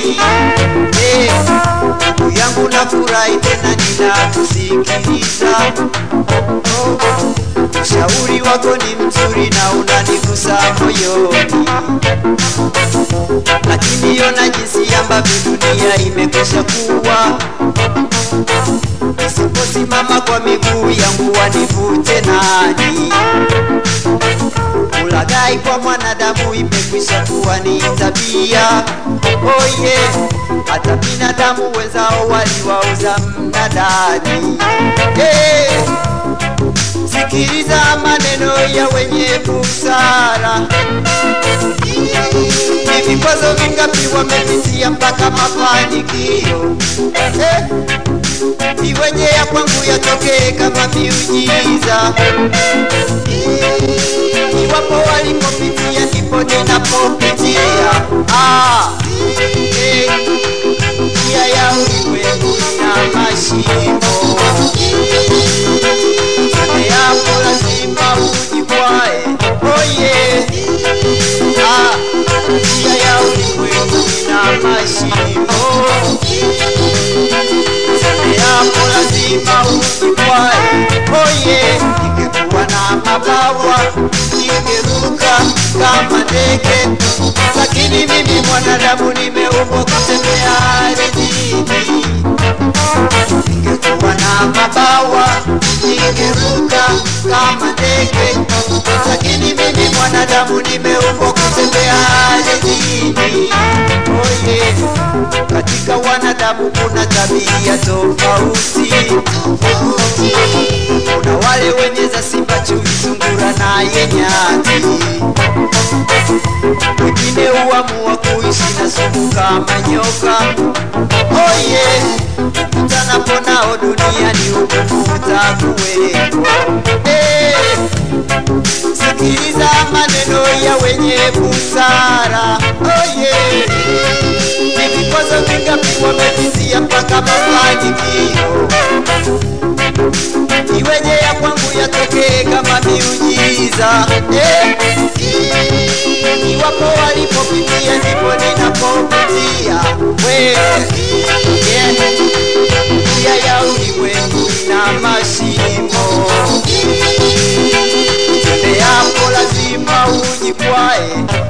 hey, yangu na furahi tena ninatusikiliza oh, ushauri wako ni mzuri na unanigusa moyoni, lakini ona jinsi ambavyo dunia imekwisha kuwa. isiposimama kwa miguu yangu, wanivute nani? madai kwa mwanadamu imekwisha kuwa ni tabia oh yeah. Hata binadamu wenzao waliwauza mnadani yeah. Sikiliza maneno ya wenye busara ni vikwazo vingapi wamepitia mpaka mafanikio eh, iweje ya kwangu yatokee kama miujiza Hapo walipopitia ndipo ninapopitia ah. kama ndege, lakini mimi mwanadamu nimeumbwa kutembea ardhini. Ningekuwa na mabawa ningeruka kama ndege, lakini mimi mwanadamu nimeumbwa kutembea ardhini. Oh yeah. Katika wanadamu kuna tabia tofauti kuna wale wenye za simba, chui, sungura na yenyati wengine huamua kuishi na sumu kama nyoka. Oye oh yeah, utanaponao duniani hukumu eh, sikiliza maneno ya wenye busara. Oye oh yeah, ni vikwazo vingapi wamevizia mpaka mafanikio iweje ya kwangu yatokee kama miujiza eh. kupitia wewe ah, njia na mashimo lazima njia na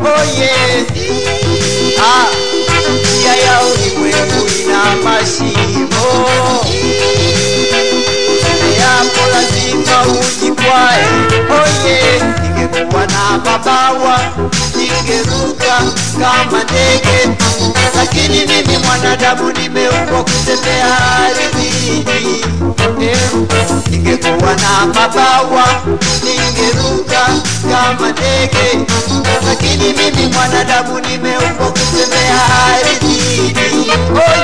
mashimo lazima ningekuwa na babawa ningeruka kama ndege lakini mimi mwanadamu nimeumbwa kutembea ardhini. Eh, ningekuwa na mabawa ningeruka kama ndege, lakini mimi mwanadamu nimeumbwa kutembea ardhini. Oh,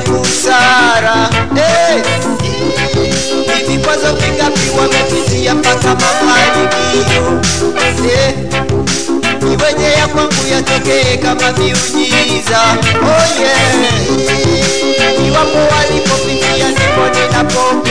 busara vikwazo vingapi wamepitia mpaka mafanikio hey. Eh. iwenye ya kwangu yatokee kama viujiza oye oh yeah. iwapo walipopitia ndipo ninapo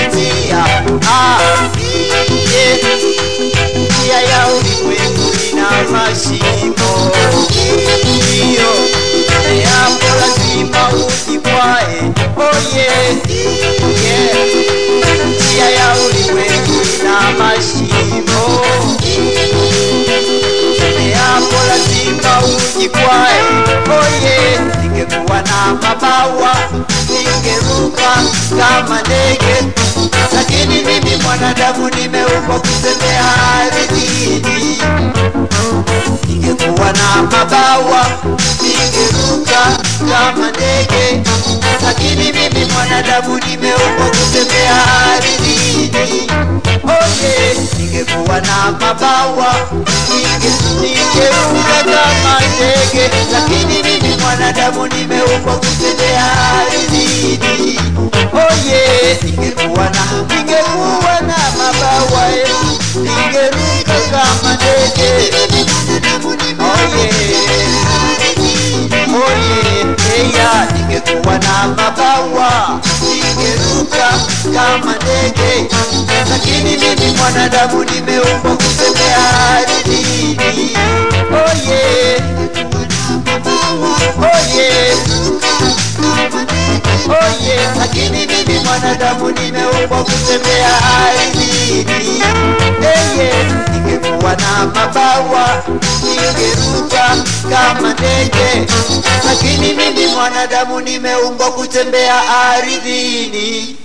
nikwae oye, ningekuwa na mabawa ningeruka kama ndege, lakini mimi mwanadamu nimeumbwa kutembea ardhini. Ningekuwa na mabawa ningeruka kama ndege, lakini mimi mwanadamu nimeumbwa kutembea ardhini. Oye, oh ningekuwa na mabawa ninge ndege, lakini mimi mwanadamu nimeumbwa kutembea ardhini. Oye, ningekuwa na ningekuwa na mabawa elfu, ningeruka kama ndege. Oye, oye, eya, ningekuwa na mabawa ningeruka kama ndege, lakini mimi mwanadamu nimeumbwa kutembea ardhini. mwanadamu nimeumbwa kutembea ardhini Eye, ningekuwa na mabawa ningeruka kama ndege lakini mimi mwanadamu nimeumbwa kutembea ardhini